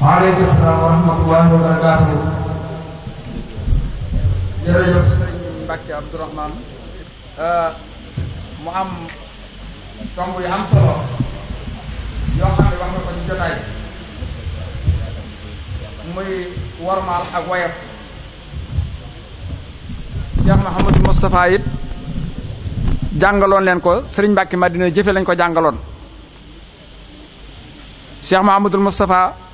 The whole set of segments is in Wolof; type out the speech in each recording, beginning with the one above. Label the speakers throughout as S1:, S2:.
S1: waaleykum salaam wa euh, mu am tomb yu am solo yoo xam ne wax nga ko ci jotaay muy warmaal ak woyof Cheikh Mouhamadou Moustapha it jàngaloon leen ko sëriñ Mbacke Madina jëfe lañ ko jàngaloon Cheikh Mouhamadou Moustapha.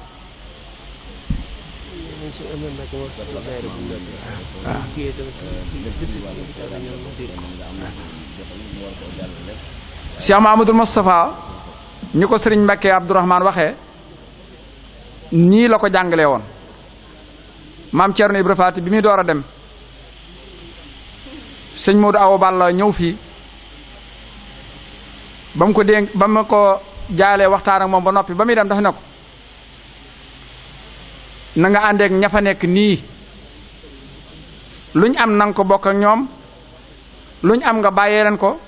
S1: waaw Cheikh Mahamadul ñu ko sëriñ Mbàkke Abdourahman waxee nii la ko jàngalee woon maam Thierno Ibra Faati bi muy door a dem sëñ Modou Awa Balla ñëw fii ba mu ko dénk ba mu ko jaalee waxtaan ak moom ba noppi ba muy dem daf ne ko na nga àndeek ña fa nekk nii luñ am na ko bokk ak ñoom luñ am nga bàyyee leen ko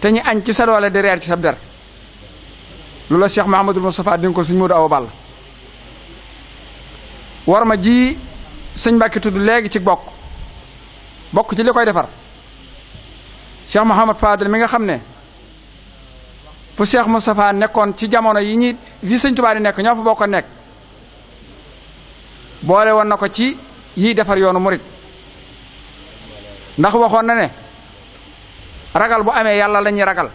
S1: te ñu añ ci sa doole di reer ci sa der loolu la Cheikh Mahamadul Moustapha di nga ko suñu Moodu Awa Balla war ma ji sëñ Mbàkke tudd léegi ci bokk bokk ci li koy defar Cheikh Mouhamad Fadel mi nga xam ne fu Cheikh Moustapha nekkoon ci jamono yi ñi yi sëñ Tuubaa di nekk ñoo bokk bokkoon nekk boole woon na ko ci yiy defar yoonu murit ndax waxoon na ne ragal bu amee yàlla lañuy ñuy ragal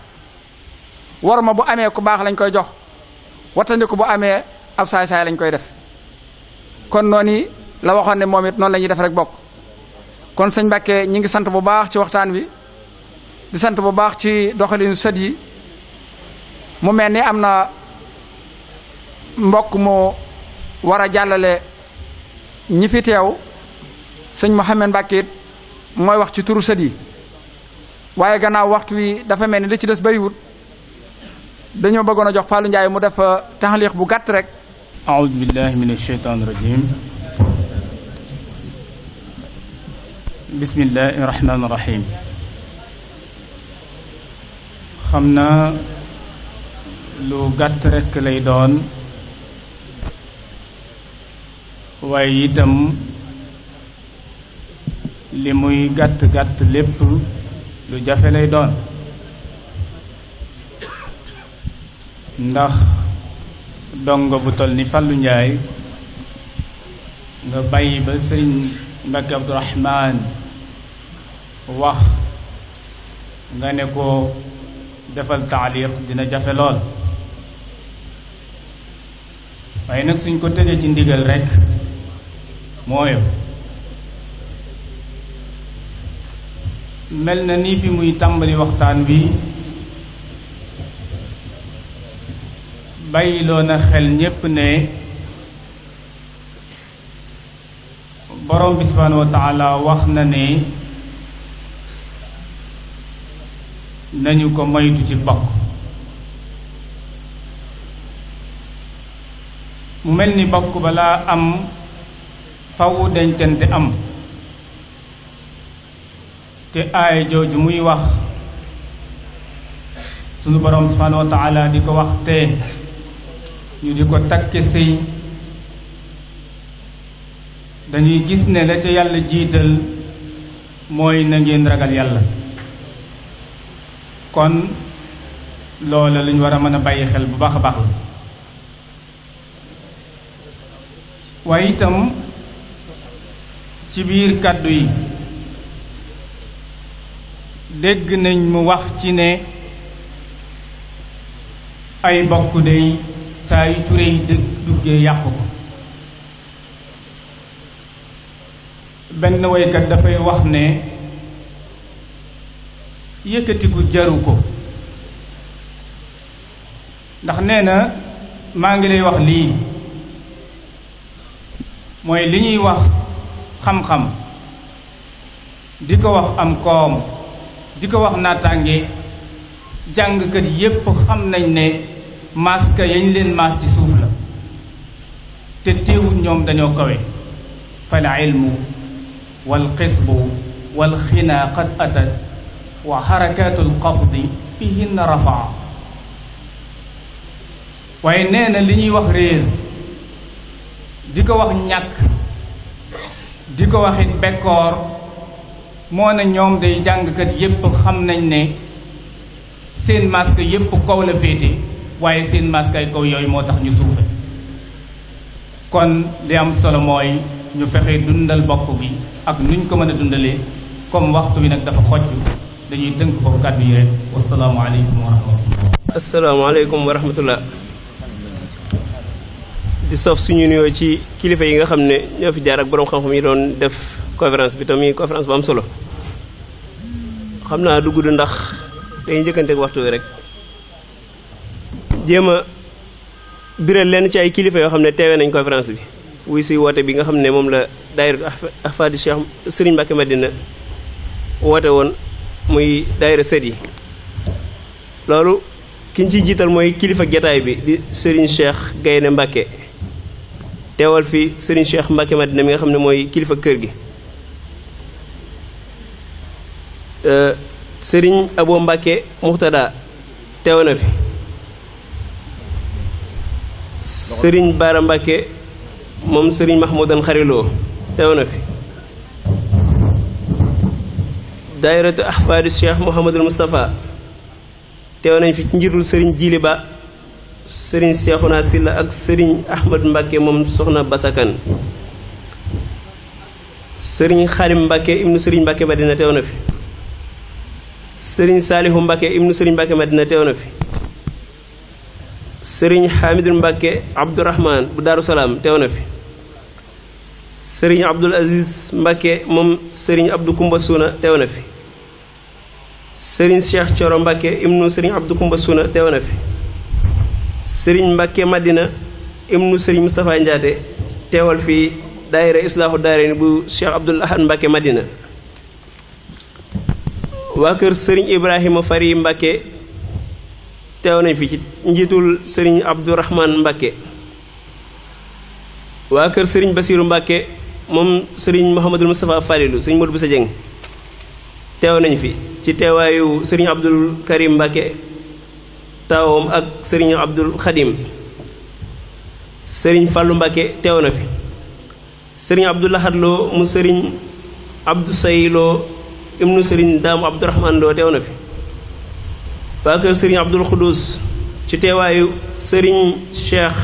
S1: warma bu amee ku baax lañ koy jox wattandiku bu amee ab saay-saay lañ koy def kon noonu la waxoon ne moom it noon la ñuy def rek bokk kon sëñ Mbàkke ñi ngi sant bu baax ci waxtaan wi di sant bu baax ci doxalinu sët yi mu mel ni am na mbokk mu war a jàllale ñi fi teew sëñ Mouhamed Mbacke it mooy wax ci turu yi waaye gannaaw waxtu wi dafa mel ni li ci des bariwut dañoo bëggoon a jox Fallou mu def euh, taxliix bu gàtt rek.
S2: aoudu billahi min asheytaan rajim bismillahi rahmaani xam na lu gàtt rek lay doon. waaye itam li muy gàtt gàtt lépp lu jafe lay doon ndax dongo bu toll ni Fallou njaay nga bàyyi ba sëriñ Mbacké Abdourahmane wax nga ne ko defal taaliq dina jafe lool waaye nag suñ ko tëjee ci ndigal rekk moo mel na ni bi muy tàmbali waxtaan wi bàyyiloo na xel ñépp ne borom bi subhaanahu wa wax na ne nañu ko moytu ci bokk mu mel ni bokk balaa am fawu dencante am te aaya jooju muy wax sunu borom subhanahu wa di ko wax ñu di ko takke sëy dañuy gis ne la ca yàlla jiital mooy na ngeen ragal yàlla kon loola lu ñu war a mën a bàyyi xel bu baax a baax la waaye itam ci biir kàddu yi dégg nañ mu wax ci ne ay bokk day saa yu ture yi yàq ko benn woykat dafay wax ne yëkkatiku jaru ko ndax nee na maa ngi lay wax lii mooy li ñuy wax xam-xam di ko wax am koom di ko wax naataange jàngkat yépp xam nañ ne maska yañ leen maas ci suuf la te teewul ñoom dañoo kawe fa ilmu wal xisbu wal xinaa qad atat wa xarakaatul qabdi fihinna rafaa waaye nee na li ñuy wax réer di ko wax ñàkk di ko waxit bekkoor moo na ñoom day jàngkat yépp xam nañ ne seen masque yépp kaw la féete waaye seen masque kaw yooyu moo tax ñu suufe kon li am solo mooy ñu fexe dundal bokk gi ak nuñ ko mën a dundalee comme waxtu wi nag dafa xocc dañuy tënk foofu kàddu yi rek
S3: wasalaamualeykum
S2: wa rahmatullah
S3: asalaamaaleykum wa di soof suñu nuyoo ci kilifa yi nga xam ne ñoo fi jaar ak borom xam-xam yi doon def conférence bi tamit conférence bu am solo xam naa du gudd ndax dañuy njëkkanteeg waxtu wi rek jéem a biral leen ci ay kilifa yoo xam ne teewee nañ conférence bi wuy si woote bi nga xam ne moom la daayira Ahfadu Cheikh Serigne Mbacké Madina woote woon muy daayira sët yi loolu kiñ ñu ciy jiital mooy kilifa jataay bi di Serigne Cheikh Gaynde Mbacké teewal fi Serigne Cheikh Mbacke Madina mi nga xam ne mooy kilifa kër gi euh, sëriñ Abo Mbacke Muxtada teew na fi sëriñ Bara Mbacke moom Serigne Mahmoudan Xariloo teew na fi daayiratu ahfaadu Cheikh Mouhamadul Moustapha teew nañ fi ci njiitul Serigne Jili Ba sëriñ Seexuna Silla ak sëriñ Ahmad Mbàkke moom soxna Basakan sëriñ Xaalim Mbàkke ibnu sëriñ Mbàkke Madina teew na fi sëriñ Saalihu Mbàkke ibnu sëriñ Mbàkke Madina teew na fi sëriñ Xaamidul Mbàkke Abdurahmaan bu Daaru teew na fi sëriñ Abdul Aziz Mbàkke moom sëriñ Abdu Kumba teew na fi sëriñ Cheikh Coro Mbàkke ibnu sëriñ Abdu Kumba Suuna teew na fi sëriñ Mbàkke Madina ibnu sëriñ Moustapha Ndiaate teewal fii daayira islaahu daayira bu Cheikh Abdoul Ahad Mbàkke Madina waa kër sëriñ Ibrahima Fari Mbàkke teew nañ fi ci njiitul sëriñ Abdourahman Mbàkke waa kër sëriñ Basiiru Mbàkke moom sëriñ Mouhamadul Moustapha Falilu sëriñ Modou Boussa Dieng teew nañ fi ci teewaayu sëriñ Abdoul Karim Mbàkke taawam ak sëriñ Abdul Xadim sëriñ Fàllu Mbàkke teew na fi sëriñ Abdou Lahad mu sëriñ Abdou Say Lo ibnu sëriñ Daamu Abdourahman Lo teew na fi waa kër sëriñ Abdul Xudus ci teewaayu sëriñ Cheikh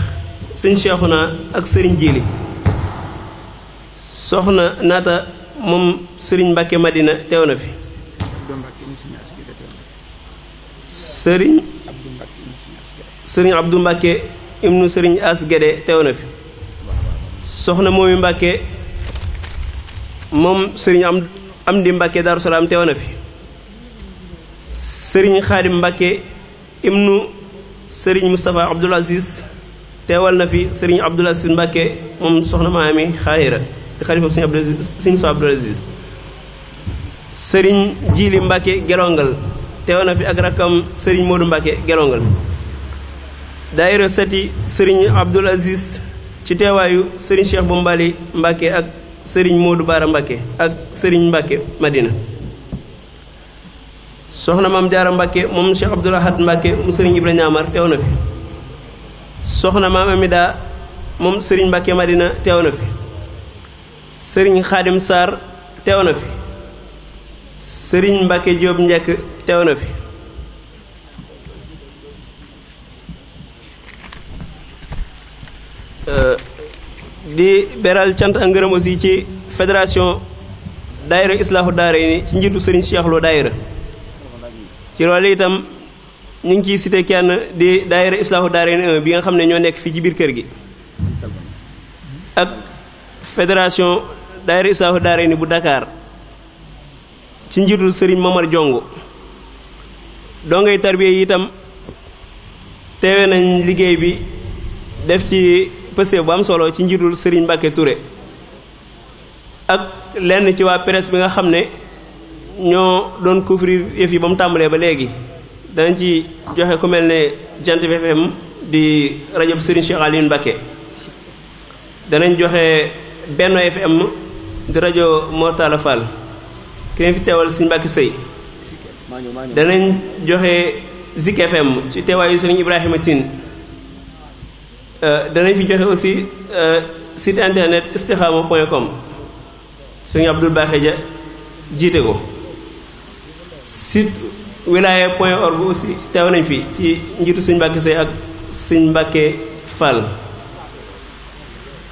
S3: sëriñ Cheikhuna ak sëriñ Jili soxna naata moom sëriñ Mbàkke Madina teew na fi sëriñ sëriñ Abdou Mbacke ibnu sëriñ As Guédé teew na fi soxna moomi Mbacke moom sëriñ am Amdi Mbacke Darou Salaam teew na fi sëriñ Xaadim Mbacke ibnu sëriñ Moustapha Abdoul Aziz teewal na fi sëriñ Abdoul Aziz Mbacke moom soxna maami xaayira di xalifa sëriñ Abdoul Aziz sëriñ so Abdoul Aziz sëriñ Jili Mbacke gelongal teew na fi ak rakkam sëriñ Modou Mbacke gelongal daayira sati sëriñ Abdul Aziz ci teewaayu sëriñ Cheikh bu Mbali Mbàkke ak sëriñ Modou Baara Mbàkke ak sëriñ Mbàkke Madina soxna maam Jaara Mbàkke moom Cheikh Abdul Ahad Mbàkke mu sëriñ Ibrahima Amar teew na fi soxna maam Amida moom sëriñ Mbàkke Madina teew na fi sëriñ Xaadim Sarr teew na fi sëriñ Mbàkke Jóob Njekk teew na fi Euh, di beral cant ak ngërëm aussi ci fédération daayira islaahu daara yi ci njiitu sëriñ Cheikh Lo ci loolu itam ñu ngi ciy cité kenn di daayira islaahu daara yi bi nga xam ne ñoo nekk fii ci biir kër gi ak fédération daayira islaahu daara bu Dakar ci njiitu sëriñ Mamar Jongo dongay tarbiya yi itam teewe nañ liggéey bi def ci pëstéef bu am solo ci njiitul Serigne Mbacké Touré ak lenn ci waa presse bi nga xam ne ñoo doon couvrir yëf yi ba mu tàmbalee ba léegi danañ ci joxe ku mel ne Jant FM di rajo bu Serigne Cheikh Aliou Mbacké danañ joxe benn FM di rajo Mortala Fall ki leen fi teewal Serigne Mbacké Seye danañ joxe Zik FM ci teewaayu Serigne Ibrahima Tine Euh, danañ fi joxe aussi euh, site internet istikhama point com suñu Abdul Baaxe ja jiite ko site wilaya point org aussi teew nañ fi ci njiitu suñ mbàkke say ak suñ mbàkke Fall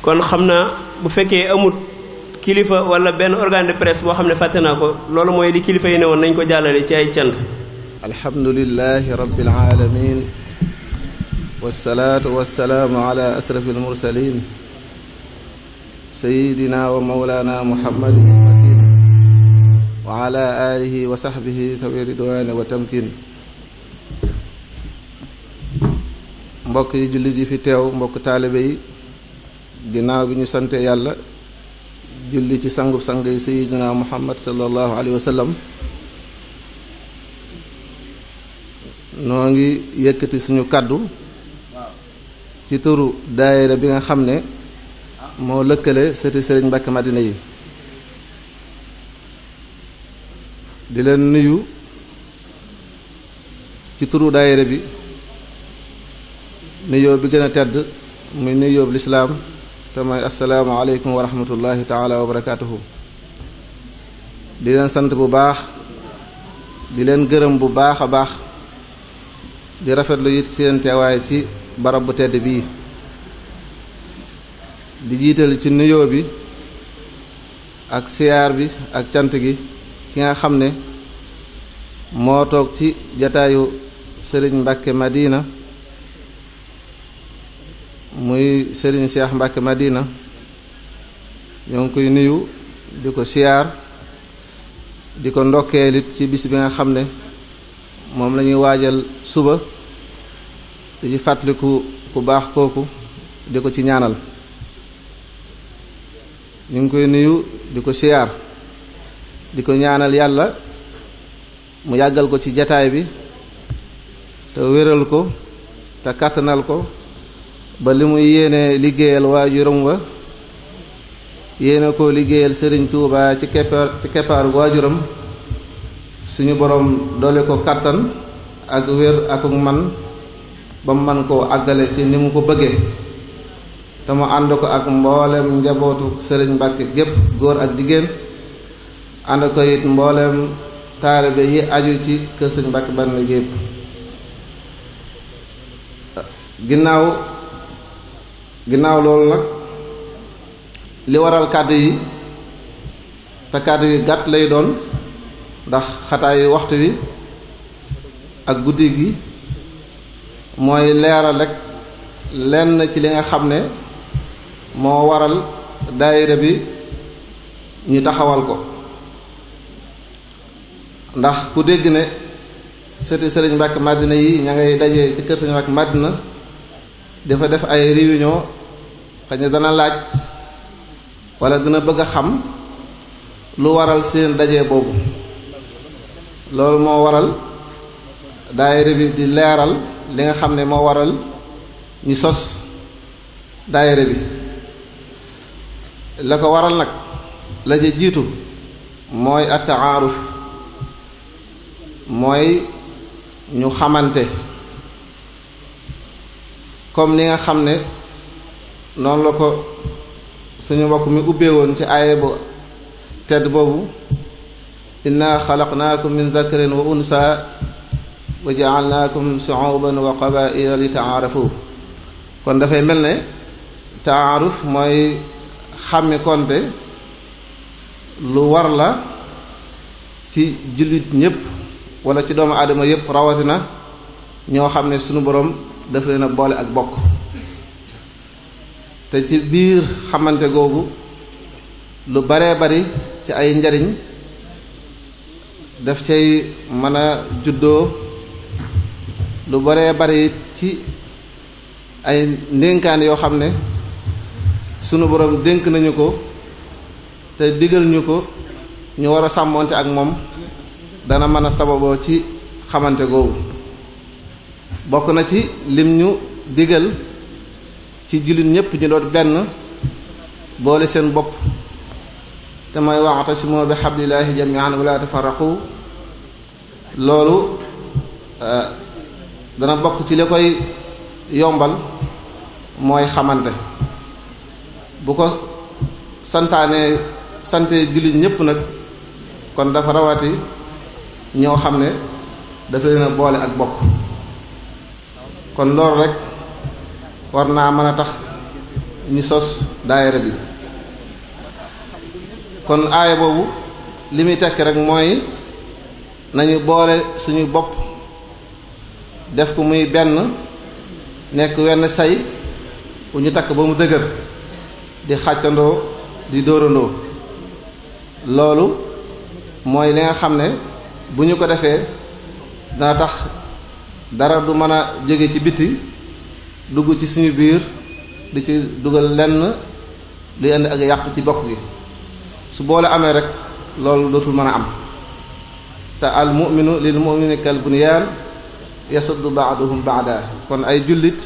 S3: kon xam naa bu fekkee amut kilifa wala benn organe de presse boo xam ne fàtte naa ko loolu mooy li kilifa yi ne woon nañ ko jàllale ci ay cant
S4: alhamdulillahi rabbil alamin wasalaatu wasalaamu ala asrafi almursalin sayidina wa mawlana muhammadin makin wa ala alihi wa saxbihi tawi ridwaani wa tamkin mbokk yi jullit yi fi teew mbokk taalibe yi ginnaaw bi ñu sante yàlla julli ci sangub sang yi sayidina muhammad sallallahu wa sallam noo ngi yëkkati suñu kàddu ci turu daayira bi nga xam ne moo lëkkale sëti sëriñ Mbàkke Madina yi di leen nuyu ci turu daayira bi nuyoo bi gën a tedd muy nuyoo lislaam te mooy assalaamu aleykum wa rahmatullahi taala wa barakaatuhu di leen sant bu baax di leen gërëm bu baax a baax di rafetlu it seen waaye ci barab bu tedd bii di jiital ci nuyoo bi ak siyaar bi ak cant gi ki nga xam ne moo toog ci jataayu sëriñ Mbàkke Madina muy sëriñ Seex Mbàkke Madina ñoo ngi koy nuyu di ko siyaar di ko ndokkeelit ci bis bi nga xam ne moom lañuy waajal suba di ci fàttaliku ku baax kooku di ko ci ñaanal ñu ngi koy nuyu di ko siyaar di ko ñaanal yàlla mu yàggal ko ci jataay bi te wéral ko te kàttanal ko ba li muy yéene liggéeyal waajuram wa yéene ko liggéeyal sëriñ Tuuba ci keppaar ci keppaaru waajuram suñu borom doole ko kàttan ak wér ak man ba man koo àggale ci ni mu ko bëggee te mu ànd ko ak mboolem njabootu sëriñ Mbàkke gépp góor ak jigéen ànd ko it mboolem taalibe yi aju ci kër sëriñ Mbàkke Bànna gépp ginnaaw ginnaaw loolu nag li waral kàddu yi te kàddu yi gàtt lay doon ndax xataay waxtu wi ak guddi gi mooy leeral rek lenn ci li nga xam ne moo waral daayira bi ñu taxawal ko ndax ku dégg ne sëti sëriñ Mbàkke Madina yi ña ngay daje ci kër sëriñ Mbàkke Madina dafa def ay réunion xëy dana laaj wala dina bëgg a xam lu waral seen daje boobu loolu moo waral daayira bi di leeral li nga xam ne moo waral ñu sos daayira bi la ko waral nag la ci jiitu mooy ataaruf mooy ñu xamante comme ni nga xam ne noonu la ko suñu mbokk mi ubbeewoon ci aaye bu tedd boobu naa ko min zakarin wa unsa wa ja'alnaakum shu'uban wa qabaa'ila li ta'aarafu kon dafay mel ne taaruf mooy xàmmi konte lu war la ci jullit ñépp wala ci doomu adama yépp rawatina ñoo xam ne sunu boroom daf leen boole ak bokk te ci biir xamante googu lu baree bari ci ay njariñ def cay mën a juddoo lu baree bare ci ay ndénkaan yoo xam ne sunu boroom dénk nañu ko te digal ñu ko ñu war a sàmmoonte ak moom dana mën a sababoo ci xamante googu bokk na ci lim ñu digal ci jullit ñépp ñu doot benn boole seen bopp te mooy wa'tasimu bi hablillaahi jamii'an wa laa tafarraqu loolu euh, dana bokk ci li koy yombal mooy xamante bu ko santaane sante jullit ñépp nag kon dafa rawati ñoo xam ne dafa leen boole ak bokk kon loolu rekk war naa mën a tax ñu sos daayira bi kon aaya boobu li muy tekki rek mooy nañu boole suñu bopp def ko muy benn nekk wenn say bu ñu takk ba mu dëgër di xàccandoo di dóorandoo loolu mooy li nga xam ne bu ñu ko defee dana tax dara du mën a jóge ci biti dugg ci suñu biir di ci dugal lenn luy indi ak yàq ci bokk gi su boole amee rek loolu dootul mën a am te al mi lil mu'mini kal bunyaan yasuddu baax baada kon ay jullit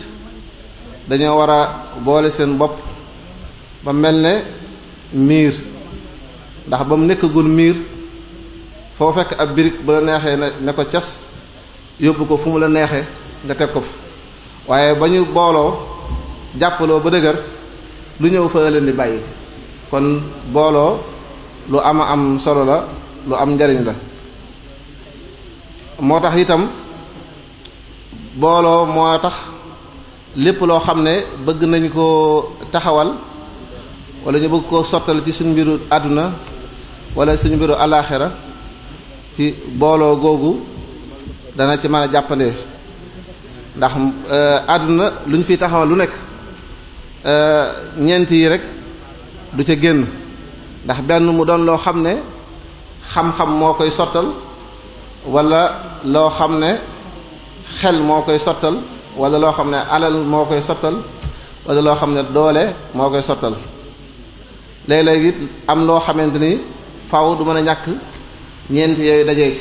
S4: dañoo war a boole seen bopp ba mel ne miir ndax ba mu nekkagul miir foo fekk ab birig bu la neexee ne ne ko cas yóbbu ko fu mu la neexee nga teg ko fa waaye ba ñu booloo jàppaloo ba dëgër lu ñëw fa leen di bàyyi kon booloo lu ama am solo la lu am njariñ la moo tax itam booloo moo tax lépp loo xam ne bëgg nañu ko taxawal wala ñu bëgg koo sottal ci suñu mbiru àdduna wala suñu mbiru alaaxira ci booloo googu dana ci mën a jàppandee ndax eh, àdduna lu ñu fi taxawal lu nekk eh, ñeent yi rek du ca génn ndax benn mu doon loo xam ne xam-xam moo koy sottal wala loo xam ne xel moo koy sottal wala loo xam ne alal moo koy sottal wala loo xam ne doole moo koy sottal léeg-léeg it am loo xamante ni faw du mën a ñàkk ñeent yooyu dajee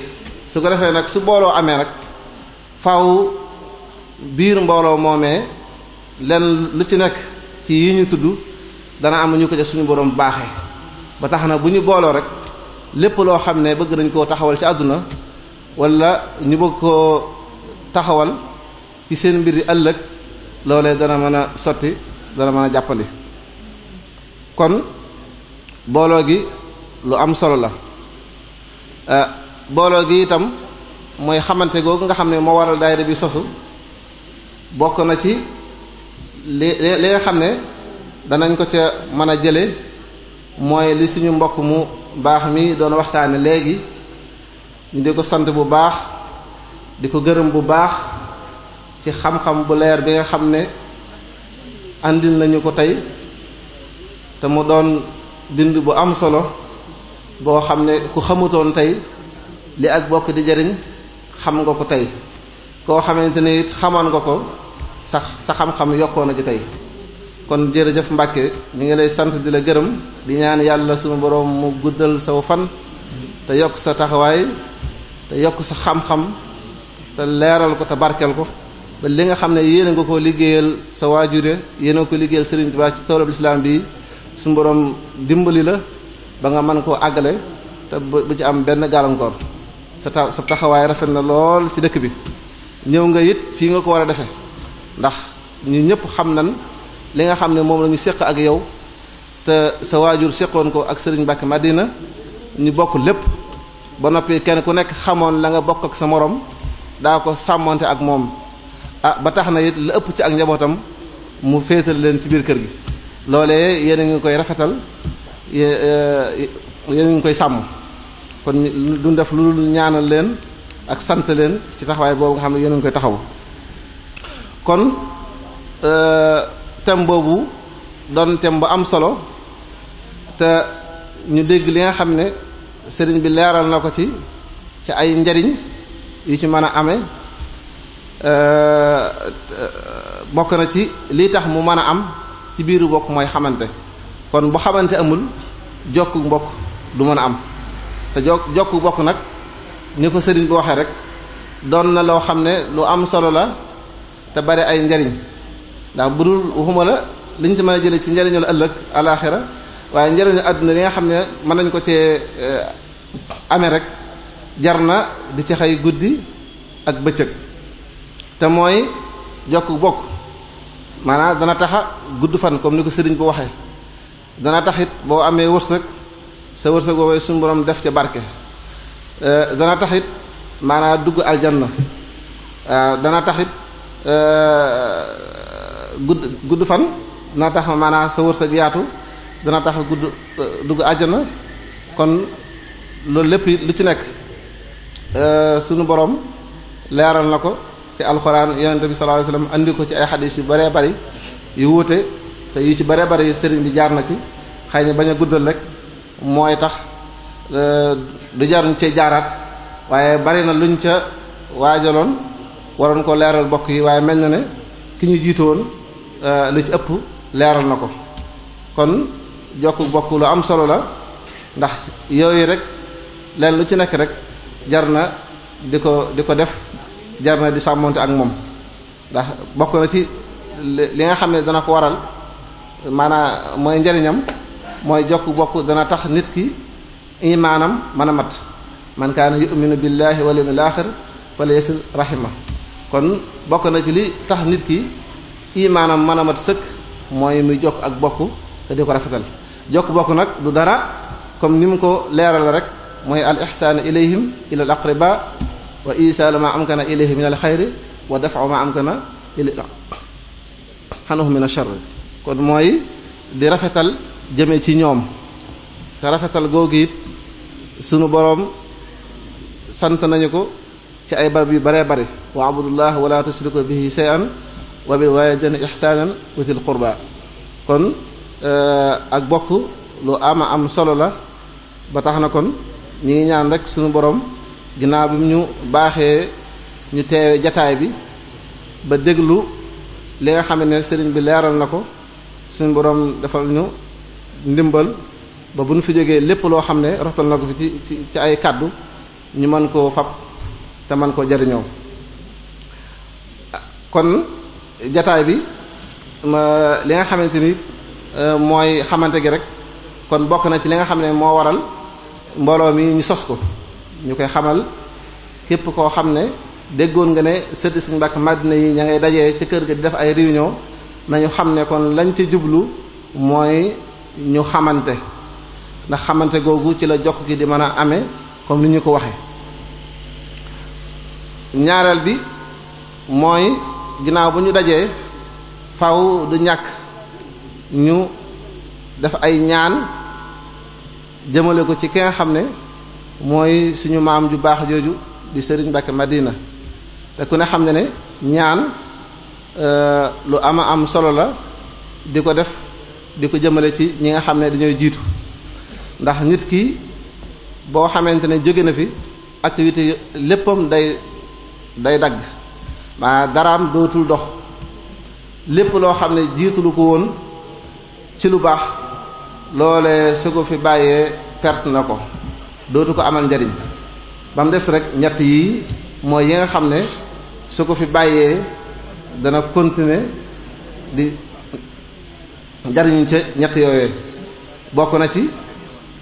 S4: su ko defee nag su booloo amee rek faw biir mbooloo moomee lenn lu ci nekk ci yi ñu tudd dana am ñu ko ca suñu borom baaxee ba tax na bu ñu booloo rek lépp loo xam ne bëgg nañ koo taxawal ci àdduna wala ñu bëgg koo taxawal ci seen mbir yi ëllëg loolee dana mën a sotti dana mën a jàppandi kon booloo gi lu am solo la euh, booloo gi itam mooy xamante googu nga xam ne moo waral daayira bi sosu bokk na ci li li xam ne danañ ko ca mën a jële mooy li suñu mbokk mu baax mi doon waxtaane léegi ñu di ko sant bu baax di ko gërëm bu baax ci xam-xam bu leer bi nga xam ne andil nañu ko tey te mu doon bind bu am solo boo xam ne ku xamutoon tey li ak bokk di jariñ xam nga ko tey koo xamante ne it xamoon nga ko sax sa xam-xam yokkoon na ci tey kon jërëjëf Mbàkke mu ngi lay sant di la gërëm di ñaan yàlla sunu boroom mu guddal saw fan te yokk sa taxawaay te yokk sa xam-xam te leeral ko te barkeel ko ba li nga xam ne yéen nga ko liggéeyal sa waajure yéen nga ko liggéeyal Sëriñ Tuubaa ci toolab lislaam bi suñu borom dimbali la ba nga mën koo àggale te bu ci am benn gàllankoor sa taxawaay rafet na lool ci dëkk bi ñëw nga it fii nga ko war a defee ndax ñu ñëpp xam nan li nga xam ne moom la ñu séq ak yow te sa waajur séqoon ko ak Sëriñ Mbàkke Madina ñu bokk lépp ba noppi kenn ku nekk xamoon la nga bokk ak sa moroom daa ko sàmmonte ak moom a ah, ba tax na it la ëpp ci ak njabootam mu féetal leen ci biir kër gi loolee yéen a ngi koy rafetal eh, yéen a ngi koy sàmm kon duñ def lu dul ñaanal leen ak sant leen ci taxawaay boobu nga xam ne yéen ngi koy taxaw kon eh, thème boobu doon tem bu am solo te ñu dégg li nga xam ne sëriñ bi leeral na ko ci ci ay njariñ yu ci mën a amee euh, bokk na ci lii tax mu mën a am ci biiru bokk mooy xamante kon bu xamante amul jokku mbokk du mën a am te jo jokku mbokk nag ñu ko sëriñ bi waxee rek doon na loo xam ne lu am solo la te bari ay njariñ ndax bu dul waxuma la liñ ci mën a jëlee ci njariñu la ëllëg alaxira waaye njariñu àdduna li nga xam ne mën nañ ko cee euh, amee rek jar na di ci xëy guddi ak bëccëg te mooy jokk bokk maanaam dana taxa gudd fan comme ni ko sëriñ bu waxee dana taxit boo amee wërsëg sa wërsëg boobee suñu borom def ca barke euh, dana taxit maanaa dugg aljanna euh, dana taxit euh, gudd gudd fan dana tax maanaa sa wërsëg yaatu dana tax gudd dugg aljanna kon loolu lépp lu ci nekk Euh, suñu borom leeral na ko ci alxuraan yonente bi sallallahu alayhi wasallam andi ko ci ay xadis yu baree bari yu wuute te yu ci baree bari sëriñ bi jaar na ci xay na bañ a guddal rek mooy tax euh, du jarñ cee jaaraat waaye bari na luñ ca waajaloon waroon ko leeral bokk yi waaye mel na ne ki ñu jiitu woon euh, lu ci ëpp leeral na ko kon jokk bokk lu am solo la ndax yooyu rek leen lu ci nekk rek jar na di ko di ko def jar na di sàmmonte ak moom ndax bokk na ci li nga xam ne dana ko waral maanaam mooy njariñam mooy jokk bokk dana tax nit ki imaanam mën a mat man kaana yu'minu billahi wal yawmil axir fala yasir rahima kon bokk na ci li tax nit ki imaanam mën a mat sëkk mooy muy jokk ak bokk te di ko rafetal jokk bokk nag du dara comme ni mu ko leeral rek mooy al ixsaanu ilayhim ila al aqriba wa isaalu maa amkana ilayhim min al xayri wa dafau maa amkana ila xanuhu min al sharri kon mooy di rafetal jëme ci ñoom te rafetal googu sunu boroom sant nañu ko ci ay barab yu baree bari wa abudullah wala tusriku bihi shay'an wa bil walidayni ihsanan wa dhil qurba kon eh, ak bokk lu ama am solo la ba tax na kon ñi ngi ñaan rek suñu borom ginnaaw bi ñu baaxee ñu teewe jataay bi ba déglu li nga xam ne sëriñ bi leeral na ko suñu borom defal ñu ndimbal ba bu ñu fi jógee lépp loo xam ne roxtal na ko fi ci ci ci ay kàddu ñu mën koo fab te mën koo jariñoo kon jataay bi li nga xamante ni euh, mooy xamante gi rek kon bokk na ci li nga xam ne moo waral mbooloo mi ñu sos ko ñu koy xamal képp koo xam ne déggoon nga ne sëti Sëriñ Mbàkke Madina yi ña ngay dajee ca kër gi di def ay réunion nañu xam ne kon lañ ci jublu mooy ñu xamante ndax xamante googu ci la jokk gi di mën a amee comme ni ñu ko waxe ñaareel bi mooy ginnaaw bu ñu dajee faw du ñàkk ñu def ay ñaan jëmale ko ci ki nga xam ne mooy suñu maam ju baax jooju di sëriñ mbakk Madina te ku ne xam ne ne ñaan euh, lu ama am solo la di ko def di ko jëmale ci ñi nga xam ne dañooy jiitu ndax nit ki boo xamante ne jóge na fi activité léppam day day dagg maanaam daraam dootul dox lépp loo xam ne jiitulu ko woon ci lu baax loole su ko fi bàyyee perte na ko dootu ko amal njariñ ba mu des rek ñett yi mooy yi nga xam ne su ko fi bàyyee dana continuer di jariñu ca ñett yooyee bokk na ci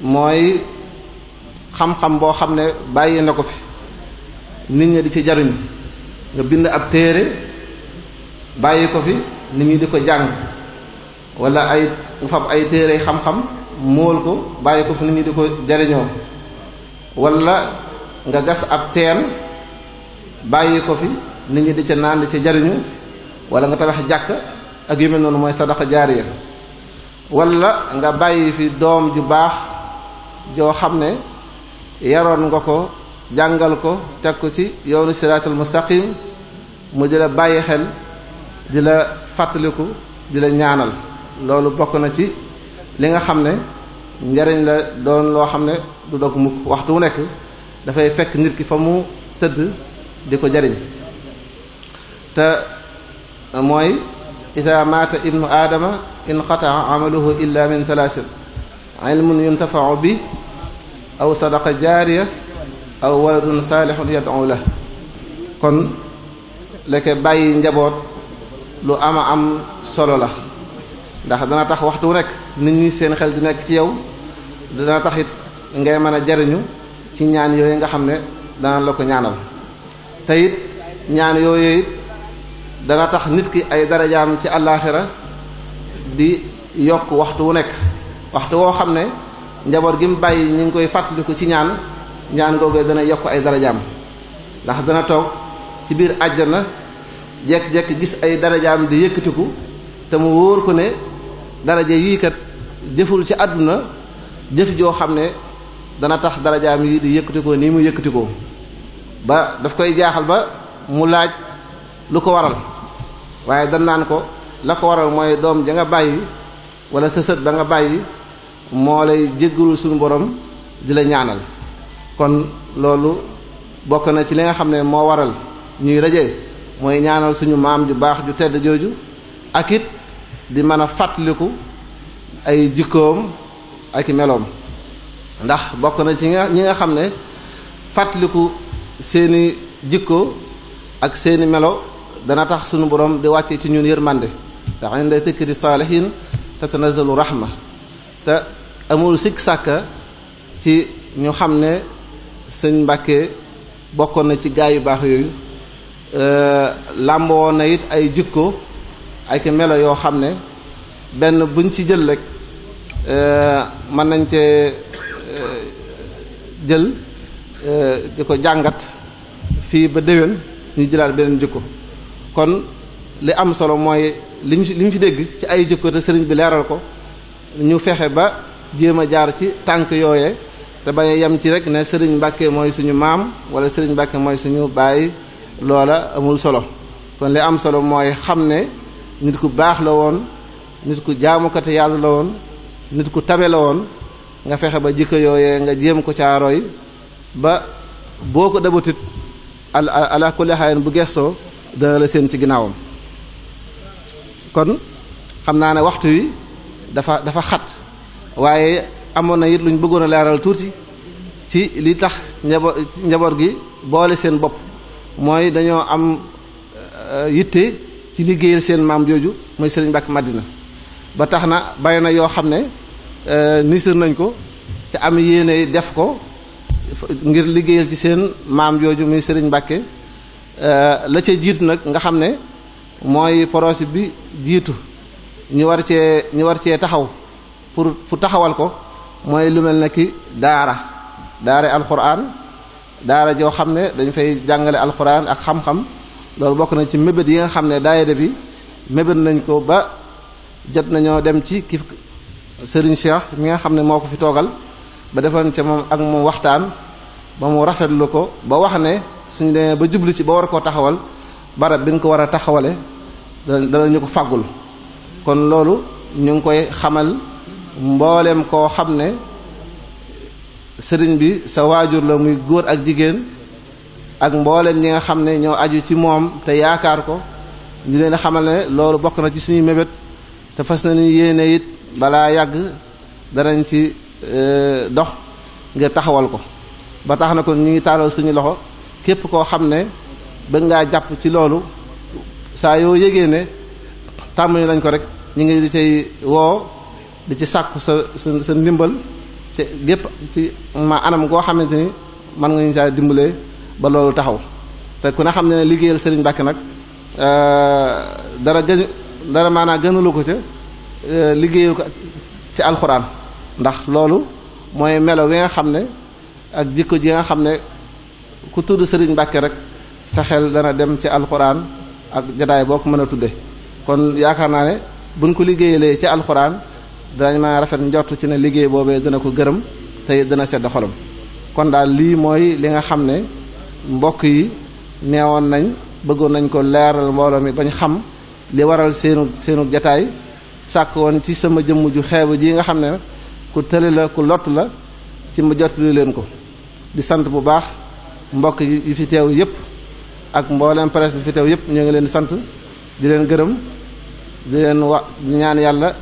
S4: mooy xam-xam boo xam ne bàyyi na ko fi nit ñi di ci jariñu nga bind ab téere bàyyi ko fi nit ñi di ko jàng wala ay fab ay téere xam-xam móol ko bàyyi ko fu nit ñi di ko jariñoo wala nga gas ab teen bàyyi ko fi nit ñi di ca naan di ca jariñu wala nga tabax jàkk ak yu mel noonu mooy sadaqa jaariya wala nga bàyyi fi doom ju baax joo xam ne yaroon nga ko jàngal ko teg ko ci yoonu siraatul mustaqim mu di la bàyyi xel di la fàttaliku di la ñaanal loolu bokk na ci li nga xam ne njariñ la doon loo xam ne du dog mukk waxtu wu nekk dafay fekk nit ki fa mu tëdd di ko jariñ te mooy ida maata ibnu aadama in qataa amaluhu illa min thalaasin ilmun yuntafau bi aw sadaqa jaariya aw waladun saalihun yad'u la kon lekke bàyyi njaboot lu ama am solo la ndax dana tax waxtu wu nekk nit ñi seen xel di nekk ci yow dana tax it ngay mën a jariñu ci ñaan yooyu nga xam ne dana la ko ñaanal te ñaan yooyu it dana tax nit ki ay darajaam ci àllaaxira di yokk waxtu wu nekk waxtu woo xam ne njaboot gi mu bàyyi ñu ngi koy fàttaliku ci ñaan ñaan googee dana yokk ay darajaam ndax dana toog ci biir àjjana jekk-jekk gis ay darajaam di yëkkatiku te mu wóor ko ne daraja yii kat jëful ci àdduna jëf joo xam ne dana tax darajaam yi di yëkkatikoo nii mu yëkkatikoo ba daf koy jaaxal ba mu laaj lu ko waral waaye dan naan ko la ko waral mooy doom ja nga bàyyi wala sa sët ba nga bàyyi moo lay jéggalul suñu borom di la ñaanal kon loolu bokk na ci li nga xam ne moo waral ñuy raje mooy ñaanal suñu maam ju baax ju tedd jooju ak it di mën a fàttaliku ay jikkoom ak meloom ndax bokk na ci ñi nga xam ne fàttaliku seeni jikko ak seeni melo dana tax suñu borom di wàcce ci ñun yërmande ndax inda zikri saalihin tatanazalu rahma te amul sikk sàkka ci ñu xam ne sëñ Mbàkke bokkoon na ci gaa yu baax yooyu làmboo na it ay jikko ak melo yoo xam ne benn buñ ci jël rek euh, mën nañ cee euh, jël euh, di ko jàngat fii ba déwén ñu jëlaat beneen jikko kon li am solo mooy liñ li ñu ci dégg ci ay jikko te sëriñ bi leeral ko ñu fexe ba jéem a jaar ci tànk yooye te bañ a yem ci rek ne sëriñ Mbàkke mooy suñu maam wala sëriñ Mbàkke mooy suñu baay loola amul solo kon li am solo mooy xam ne nit ku baax la woon nit ku jaamukate yàlla la woon nit ku tabe la woon nga fexe ba jikko yooyee nga jéem ko caaroy ba boo ko dabatit al ala kulli xaayan bu gestoo dana la seen ci ginnaawam kon xam naa ne waxtu wi dafa dafa xat waaye amoon na yit lu ñu bëggoon a leeral tuuti ci li tax njabo njaboot gi boole seen bopp mooy dañoo am euh, yitte ci liggéeyal seen maam jooju mooy Serigne Mbacke Madina ba tax na bari na yoo xam ne euh, nisir nañ ko ca am yéene def ko ngir liggéeyal ci seen maam jooju muy Serigne Mbacke euh, la ci jiitu nag nga xam ne mooy projet bi jiitu ñu war cee ñu war cee taxaw pour pu taxawal ko mooy lu mel ne ki daara daara alxuraan daara joo xam ne dañ fay jàngale alxuraan ak xam-xam. loolu bokk na ci mébét yi nga xam ne daayira bi mébét nañ ko ba jot nañoo dem ci kii Serigne Cheikh mi nga xam ne moo ko fi toogal ba defoon ca moom ak moom waxtaan ba mu rafet rafetlu ko ba wax ne suñu demee ba jublu ci ba war koo taxawal barab bi nga ko war a taxawale dana ñu ko fàggul kon loolu ñu ngi koy xamal mbooleem koo xam ne sëriñ bi sa waajur la muy góor ak jigéen ak mbooleem ñi nga xam ne ñoo aju ci moom te yaakaar ko ñu leen xamal ne loolu bokk na ci suñu mébét te fas nañu it balaa yàgg danañ ci e, dox ngir taxawal ko ba tax na kon ñu ngi taalal suñu loxo képp koo xam ne bëgg ngaa jàpp ci loolu saa yoo yégee ne tàmbali nañ ko rek ñu ngi di cay woo di ci sàkku sa sa sa ndimbal ci gépp ci ma anam goo xamante ni mën nga ñu saa dimbalee ba loolu taxaw te ku ne xam ne liggéeyal sëriñ Mbàkke nag euh, dara gën dara maanaa gënalu ko ca euh, liggéeyal ko ci alxuraan ndax loolu mooy melow wi nga xam ne ak jikko ji nga xam ne ku tudd sëriñ Mbàkke rek sa xel dana dem ci alxuraan ak jataay boo ko mën a tudde kon yaakaar naa ne buñ ko liggéeyalee ci alxuraan danañ mën a rafet njort ci ne liggéey boobee dana ko gërëm te dana sedd xolam kon daal lii mooy li nga xam ne mbokk yi neewoon nañ bëggoon nañ ko leeral mbooloo mi bañ xam li waral seenu seenu jataay sàkk woon ci sama jëmm ju xeebu ji nga xam ne ku tëli la ku lott la ci ma jottali leen ko di sant bu baax mbokk yi fi teew yépp ak mbooleem presse bi fi teew yépp ñoo ngi leen di sant di leen gërëm di leen wa ñaan yàlla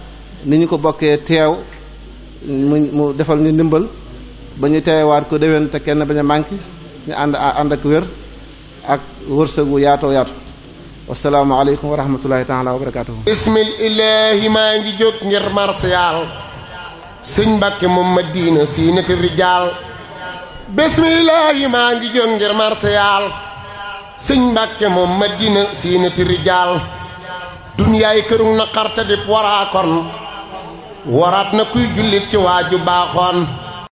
S4: ni ñu ko bokkee teew mu mu defal ñu ndimbal ba ñu teewaat ko déwén te kenn bañ a manqué ñu ànd ànd ak wér ak wërsëgu yaatoo yaatu wasalaamaaleykum wa rahmatulahi taala wa barakaatuhu bismil maa ngi jóg ngir marsiyaal sëñ mbàkke moom ma diina si rijaal bismilaahi maa ngi jóg ngir marsiyaal sëñ mbàkke moom ma diina si rijaal dunyaay këru naqarte dip waraa kon waraat na kuy jullit ci waaju baaxoon